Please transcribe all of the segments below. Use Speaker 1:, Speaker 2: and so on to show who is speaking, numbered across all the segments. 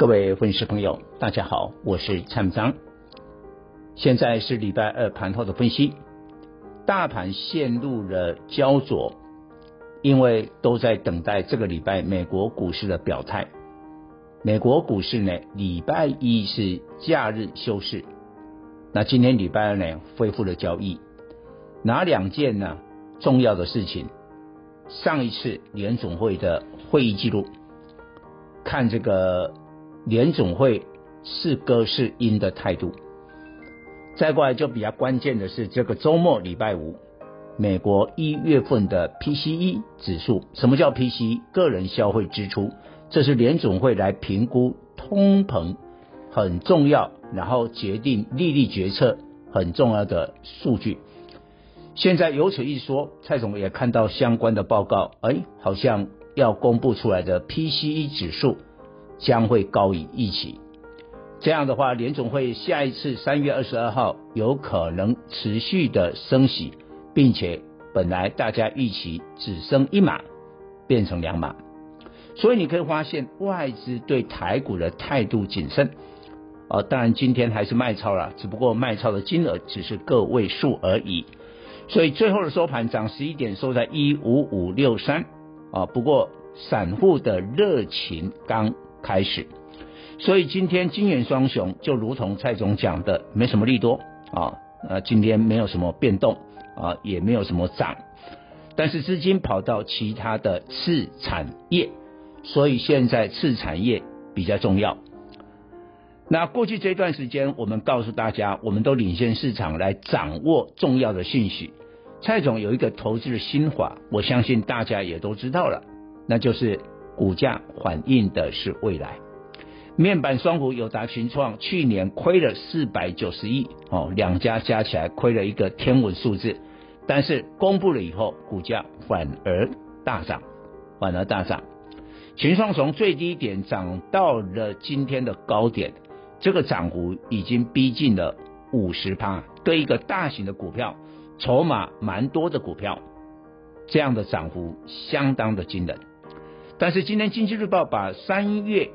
Speaker 1: 各位粉絲朋友，大家好，我是蔡明彰。現在是禮拜二盤後的分析，大盤陷入了焦灼，因為都在等待這個禮拜美國股市的表態。美國股市呢，禮拜一是假日休市，那今天禮拜二呢，恢復了交易。哪兩件呢？重要的事情，上一次聯總會的會議記錄，看這個。聯準會是鴿是鷹的態度，再過來就比較關鍵的是這個周末禮拜五，美國一月份的 PCE 指數，什麼叫 PCE？個人消費支出，這是聯準會來評估通膨很重要，然後決定利率決策很重要的數據。現在有此一說，蔡總也看到相關的報告，哎，好像要公布出來的 PCE 指數。將會高於預期，這樣的話，聯總會下一次三月二十二號有可能持續的升息，並且本來大家預期只升一碼，變成兩碼，所以你可以發現外資對台股的態度謹慎，啊、哦，當然今天還是賣超了，只不過賣超的金額只是個位數而已，所以最後的收盤漲十一點，收在一五五六三，啊，不過散戶的熱情剛。開始，所以今天金元雙雄就如同蔡總講的，沒什麼利多啊，呃，今天沒有什麼變動啊，也沒有什麼漲，但是資金跑到其他的次產業，所以現在次產業比較重要。那過去這一段時間，我們告訴大家，我們都領先市場來掌握重要的信息。蔡總有一個投資的心法，我相信大家也都知道了，那就是。股價反映的是未來。面板雙虎友達、群創去年虧了四百九十億，哦，兩家加起來虧了一個天文數字。但是公布了以後，股價反而大漲，反而大漲。群創從最低點漲到了今天的高點，這個漲幅已經逼近了五十%。對一個大型的股票、籌碼蠻多的股票，這樣的漲幅相當的驚人。但是今天經濟日報把三月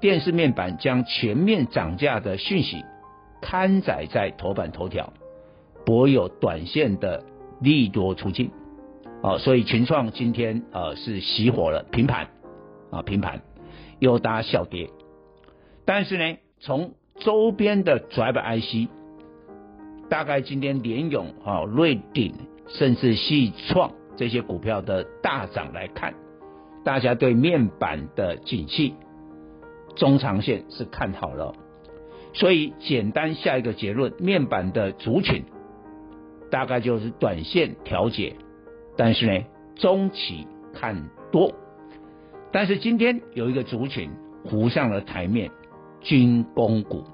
Speaker 1: 電視面板將全面漲價的訊息刊載在頭版頭條，博有短線的利多出盡，啊、哦，所以群創今天啊、呃、是熄火了平盤啊平盤，又打小跌，但是呢，從週邊的 Driver IC，大概今天聯詠啊瑞鼎甚至矽創這些股票的大漲來看。大家對面板的景氣中長線是看好了，所以簡單下一個結論：面板的族群大概就是短線調節，但是呢，中期看多。但是今天有一個族群浮上了台面，軍工股。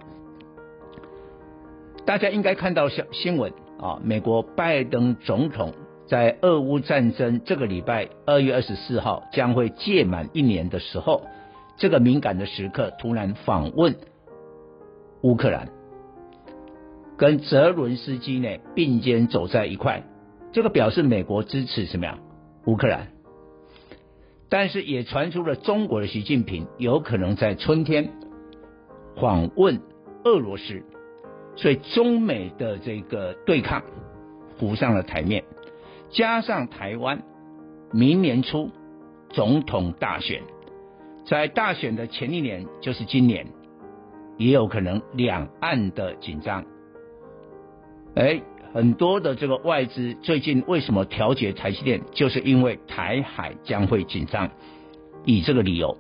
Speaker 1: 大家應該看到小新聞啊，美國拜登總統。在俄烏戰爭這個禮拜二月二十四號將會屆滿一年的時候，這個敏感的時刻突然訪問烏克蘭，跟澤倫斯基呢並肩走在一塊，這個表示美國支持什麼呀？烏克蘭？但是也傳出了中國的習近平有可能在春天訪問俄羅斯，所以中美的這個對抗浮上了檯面。加上台灣，明年初總統大選，在大選的前一年，就是今年，也有可能兩岸的緊張。誒、欸，很多的這個外資最近為什麼調節台積電？就是因為台海將會緊張，以這個理由，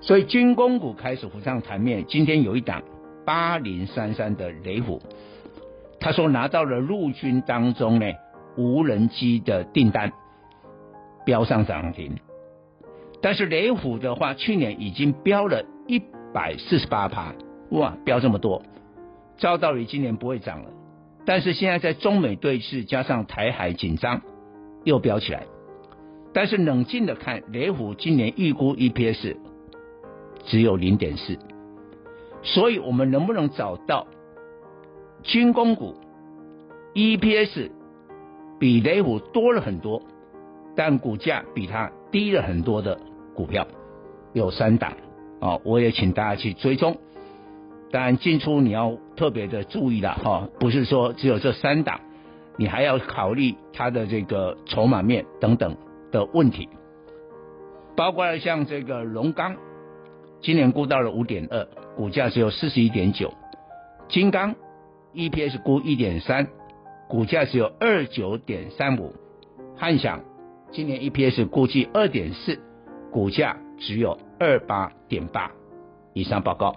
Speaker 1: 所以軍工股開始浮上台面。今天有一檔八零三三的雷虎，他說拿到了陸軍當中呢。無人機的訂單飆上漲停，但是雷虎的話，去年已經飆了一百四十八趴，哇，飆這麼多，照道理今年不會漲了。但是現在在中美對峙加上台海緊張，又飆起來。但是冷靜的看，雷虎今年預估 EPS 只有零點四，所以我們能不能找到軍工股 EPS？比雷虎多了很多，但股價比它低了很多的股票有三檔啊、哦，我也請大家去追蹤。當然進出你要特別的注意了哈、哦，不是說只有這三檔，你還要考慮它的這個籌碼面等等的問題，包括像這個榮剛，今年估到了五點二，股價只有四十一點九，金剛 EPS 估一點三。股價只有二九點三五，漢翔今年 EPS 估計二點四，股價只有二八點八。以上報告。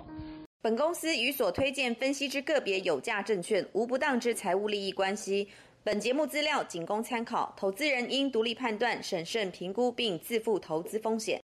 Speaker 1: 本公司與所推薦分析之個別有價證券無不當之財務利益關係。本節目資料僅供參考，投資人應獨立判斷、審慎評估並自負投資風險。